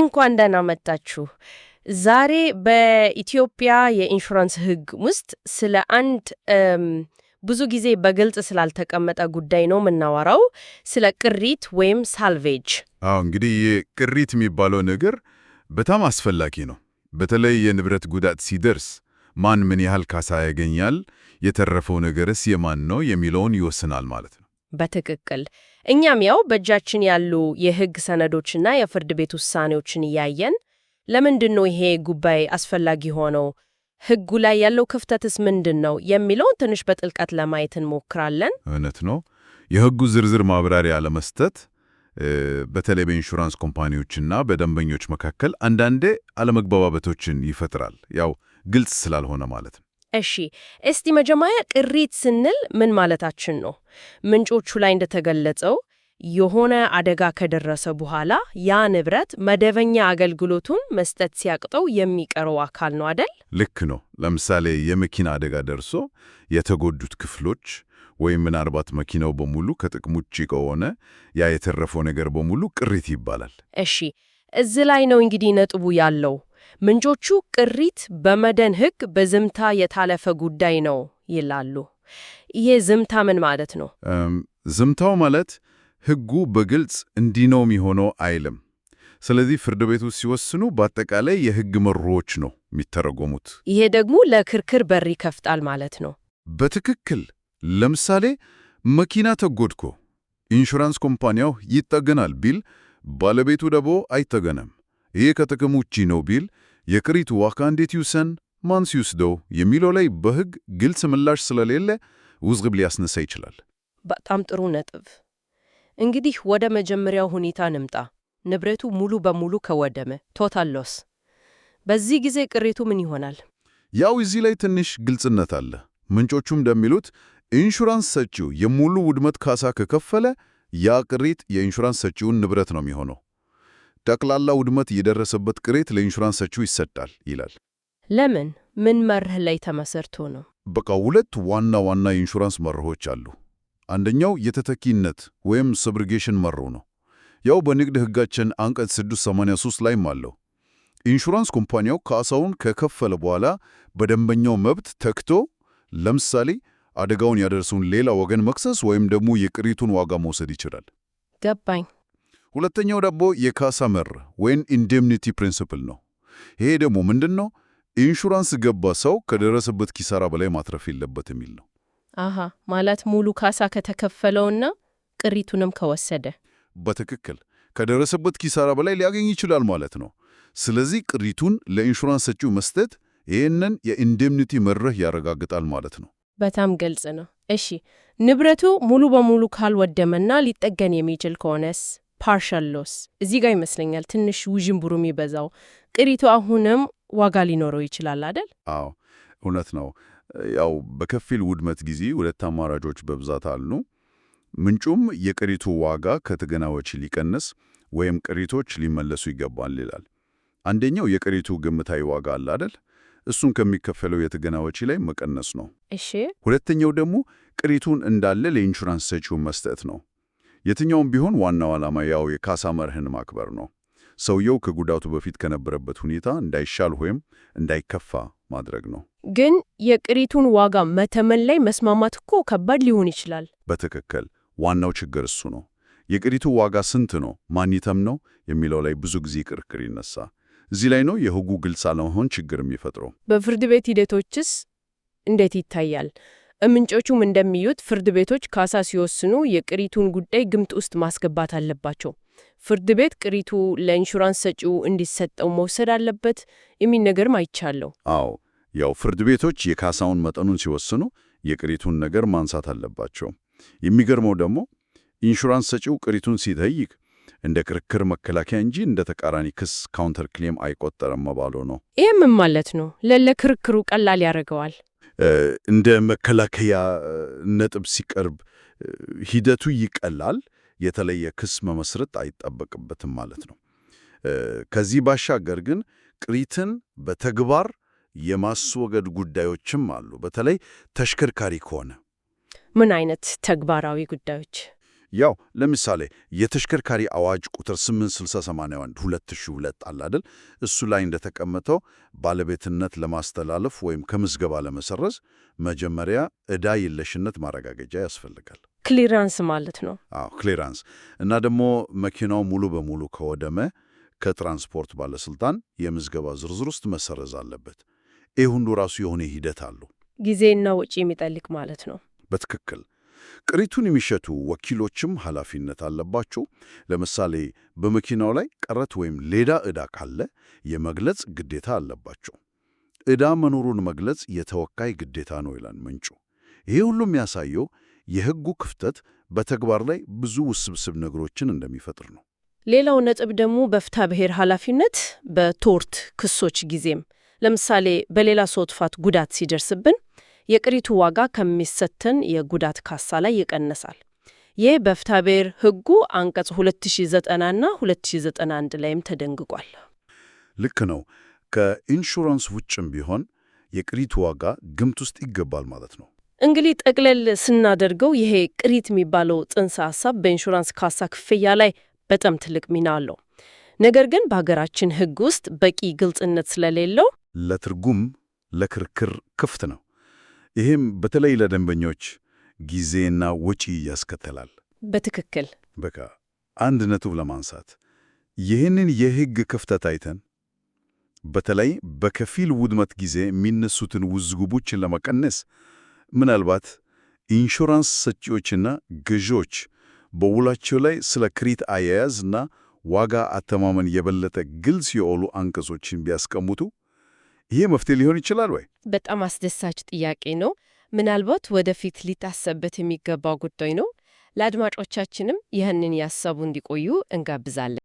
እንኳን ደህና መጣችሁ። ዛሬ በኢትዮጵያ የኢንሹራንስ ሕግ ውስጥ ስለ አንድ ብዙ ጊዜ በግልጽ ስላልተቀመጠ ጉዳይ ነው የምናወራው፣ ስለ ቅሪት ወይም ሳልቬጅ። አዎ እንግዲህ ቅሪት የሚባለው ነገር በጣም አስፈላጊ ነው። በተለይ የንብረት ጉዳት ሲደርስ ማን ምን ያህል ካሳ ያገኛል፣ የተረፈው ነገርስ የማን ነው የሚለውን ይወስናል ማለት ነው። በትክክል እኛም ያው በእጃችን ያሉ የሕግ ሰነዶችና የፍርድ ቤት ውሳኔዎችን እያየን ለምንድን ነው ይሄ ጉባኤ አስፈላጊ ሆነው ሕጉ ላይ ያለው ክፍተትስ ምንድን ነው የሚለውን ትንሽ በጥልቀት ለማየት እንሞክራለን። እውነት ነው። የሕጉ ዝርዝር ማብራሪያ ለመስጠት በተለይ በኢንሹራንስ ኮምፓኒዎችና በደንበኞች መካከል አንዳንዴ አለመግባባቶችን ይፈጥራል። ያው ግልጽ ስላልሆነ ማለት ነው። እሺ እስቲ መጀመሪያ ቅሪት ስንል ምን ማለታችን ነው? ምንጮቹ ላይ እንደተገለጸው የሆነ አደጋ ከደረሰ በኋላ ያ ንብረት መደበኛ አገልግሎቱን መስጠት ሲያቅጠው የሚቀረው አካል ነው አደል? ልክ ነው። ለምሳሌ የመኪና አደጋ ደርሶ የተጎዱት ክፍሎች ወይም ምናልባት መኪናው በሙሉ ከጥቅም ውጭ ከሆነ ያ የተረፈው ነገር በሙሉ ቅሪት ይባላል። እሺ፣ እዚህ ላይ ነው እንግዲህ ነጥቡ ያለው። ምንጮቹ ቅሪት በመደን ህግ በዝምታ የታለፈ ጉዳይ ነው ይላሉ። ይሄ ዝምታ ምን ማለት ነው? ዝምታው ማለት ህጉ በግልጽ እንዲህ ነው የሚሆነው አይልም። ስለዚህ ፍርድ ቤቱ ሲወስኑ በአጠቃላይ የህግ መርሆዎች ነው የሚተረጎሙት። ይሄ ደግሞ ለክርክር በር ይከፍታል ማለት ነው። በትክክል ለምሳሌ መኪና ተጎድኮ ኢንሹራንስ ኮምፓኒያው ይጠገናል ቢል ባለቤቱ ደግሞ አይጠገነም። ይህ ከጥቅም ውጪ ነው ቢል የክሪቱ ዋካ እንዴት ይውሰን፣ ማን ሲወስደው የሚለው ላይ በሕግ ግልጽ ምላሽ ስለሌለ ውዝግብ ሊያስነሳ ይችላል። በጣም ጥሩ ነጥብ። እንግዲህ ወደ መጀመሪያው ሁኔታ ንምጣ። ንብረቱ ሙሉ በሙሉ ከወደመ ቶታል ሎስ፣ በዚህ ጊዜ ቅሪቱ ምን ይሆናል? ያው እዚህ ላይ ትንሽ ግልጽነት አለ። ምንጮቹም እንደሚሉት ኢንሹራንስ ሰጪው የሙሉ ውድመት ካሳ ከከፈለ ያ ቅሪት የኢንሹራንስ ሰጪውን ንብረት ነው የሚሆነው። ጠቅላላ ውድመት የደረሰበት ቅሬት ለኢንሹራንስ ሰጪው ይሰጣል ይላል። ለምን? ምን መርህ ላይ ተመሰርቶ ነው? በቃ ሁለት ዋና ዋና የኢንሹራንስ መርሆች አሉ። አንደኛው የተተኪነት ወይም ሰብሪጌሽን መርህ ነው። ያው በንግድ ሕጋችን አንቀጽ 683 ላይም አለው። ኢንሹራንስ ኩምፓኒያው ካሳውን ከከፈለ በኋላ በደንበኛው መብት ተክቶ ለምሳሌ አደጋውን ያደርሱን ሌላ ወገን መክሰስ ወይም ደግሞ የቅሪቱን ዋጋ መውሰድ ይችላል። ገባኝ። ሁለተኛው ደግሞ የካሳ መር ወይም ኢንዴምኒቲ ፕሪንስፕል ነው። ይሄ ደግሞ ምንድን ነው? ኢንሹራንስ ገባ ሰው ከደረሰበት ኪሳራ በላይ ማትረፍ የለበት የሚል ነው። አሃ ማለት ሙሉ ካሳ ከተከፈለውና ቅሪቱንም ከወሰደ በትክክል ከደረሰበት ኪሳራ በላይ ሊያገኝ ይችላል ማለት ነው። ስለዚህ ቅሪቱን ለኢንሹራንስ ሰጪው መስጠት ይህንን የኢንዴምኒቲ መርህ ያረጋግጣል ማለት ነው። በጣም ግልጽ ነው። እሺ ንብረቱ ሙሉ በሙሉ ካልወደመና ሊጠገን የሚችል ከሆነስ? ፓርሻል ሎስ እዚህ ጋር ይመስለኛል ትንሽ ውዥንብሩ የሚበዛው። ቅሪቱ አሁንም ዋጋ ሊኖረው ይችላል አደል? አዎ እውነት ነው። ያው በከፊል ውድመት ጊዜ ሁለት አማራጮች በብዛት አሉ። ምንጩም የቅሪቱ ዋጋ ከትገናዎች ሊቀንስ ወይም ቅሪቶች ሊመለሱ ይገባል ይላል። አንደኛው የቅሪቱ ግምታዊ ዋጋ አለ አደል? እሱን ከሚከፈለው የተገና ወጪ ላይ መቀነስ ነው። እሺ። ሁለተኛው ደግሞ ቅሪቱን እንዳለ ለኢንሹራንስ ሰጪው መስጠት ነው። የትኛውም ቢሆን ዋናው ዓላማ ያው የካሳ መርህን ማክበር ነው። ሰውየው ከጉዳቱ በፊት ከነበረበት ሁኔታ እንዳይሻል ወይም እንዳይከፋ ማድረግ ነው። ግን የቅሪቱን ዋጋ መተመን ላይ መስማማት እኮ ከባድ ሊሆን ይችላል። በትክክል ዋናው ችግር እሱ ነው። የቅሪቱ ዋጋ ስንት ነው፣ ማን ይተም ነው የሚለው ላይ ብዙ ጊዜ ክርክር ይነሳ። እዚህ ላይ ነው የህጉ ግልጽ አለመሆን ችግር የሚፈጥረው። በፍርድ ቤት ሂደቶችስ እንዴት ይታያል? ምንጮቹም እንደሚዩት ፍርድ ቤቶች ካሳ ሲወስኑ የቅሪቱን ጉዳይ ግምት ውስጥ ማስገባት አለባቸው። ፍርድ ቤት ቅሪቱ ለኢንሹራንስ ሰጪው እንዲሰጠው መውሰድ አለበት የሚል ነገርም አይቻለሁ። አዎ፣ ያው ፍርድ ቤቶች የካሳውን መጠኑን ሲወስኑ የቅሪቱን ነገር ማንሳት አለባቸው። የሚገርመው ደግሞ ኢንሹራንስ ሰጪው ቅሪቱን ሲጠይቅ እንደ ክርክር መከላከያ እንጂ እንደ ተቃራኒ ክስ ካውንተር ክሌም አይቆጠርም መባሉ ነው። ይህ ምን ማለት ነው? ለለክርክሩ ቀላል ያደርገዋል። እንደ መከላከያ ነጥብ ሲቀርብ ሂደቱ ይቀላል። የተለየ ክስ መመስረት አይጠበቅበትም ማለት ነው። ከዚህ ባሻገር ግን ቅሪትን በተግባር የማስወገድ ጉዳዮችም አሉ። በተለይ ተሽከርካሪ ከሆነ ምን አይነት ተግባራዊ ጉዳዮች ያው ለምሳሌ የተሽከርካሪ አዋጅ ቁጥር 8681 2002 አለ አይደል? እሱ ላይ እንደተቀመጠው ባለቤትነት ለማስተላለፍ ወይም ከምዝገባ ለመሰረዝ መጀመሪያ ዕዳ የለሽነት ማረጋገጫ ያስፈልጋል። ክሊራንስ ማለት ነው። አዎ ክሊራንስ እና ደግሞ መኪናው ሙሉ በሙሉ ከወደመ ከትራንስፖርት ባለስልጣን የምዝገባ ዝርዝር ውስጥ መሰረዝ አለበት። ይህ ሁሉ ራሱ የሆነ ሂደት አለው። ጊዜና ወጪ የሚጠልቅ ማለት ነው። በትክክል ቅሪቱን የሚሸቱ ወኪሎችም ኃላፊነት አለባቸው። ለምሳሌ በመኪናው ላይ ቀረት ወይም ሌዳ ዕዳ ካለ የመግለጽ ግዴታ አለባቸው። ዕዳ መኖሩን መግለጽ የተወካይ ግዴታ ነው ይላል ምንጩ። ይህ ሁሉ የሚያሳየው የሕጉ ክፍተት በተግባር ላይ ብዙ ውስብስብ ነገሮችን እንደሚፈጥር ነው። ሌላው ነጥብ ደግሞ በፍታ ብሔር ኃላፊነት በቶርት ክሶች ጊዜም ለምሳሌ በሌላ ሰው ጥፋት ጉዳት ሲደርስብን የቅሪቱ ዋጋ ከሚሰተን የጉዳት ካሳ ላይ ይቀንሳል። ይህ በፍትሐብሔር ሕጉ አንቀጽ 2090ና 2091 ላይም ተደንግቋል። ልክ ነው። ከኢንሹራንስ ውጭም ቢሆን የቅሪቱ ዋጋ ግምት ውስጥ ይገባል ማለት ነው። እንግዲህ ጠቅለል ስናደርገው ይሄ ቅሪት የሚባለው ጽንሰ ሀሳብ በኢንሹራንስ ካሳ ክፍያ ላይ በጣም ትልቅ ሚና አለው። ነገር ግን በሀገራችን ሕግ ውስጥ በቂ ግልጽነት ስለሌለው ለትርጉም ለክርክር ክፍት ነው። ይህም በተለይ ለደንበኞች ጊዜና ወጪ ያስከተላል። በትክክል በቃ አንድ ነጥብ ለማንሳት ይህንን የሕግ ክፍተት አይተን በተለይ በከፊል ውድመት ጊዜ የሚነሱትን ውዝግቦችን ለመቀነስ ምናልባት ኢንሹራንስ ሰጪዎችና ገዢዎች በውላቸው ላይ ስለ ክሪት አያያዝና ዋጋ አተማመን የበለጠ ግልጽ የሆኑ አንቀጾችን ቢያስቀምጡ ይህ መፍትሄ ሊሆን ይችላል ወይ? በጣም አስደሳች ጥያቄ ነው። ምናልባት ወደፊት ሊታሰብበት የሚገባው ጉዳይ ነው። ለአድማጮቻችንም ይህንን ያሰቡ እንዲቆዩ እንጋብዛለን።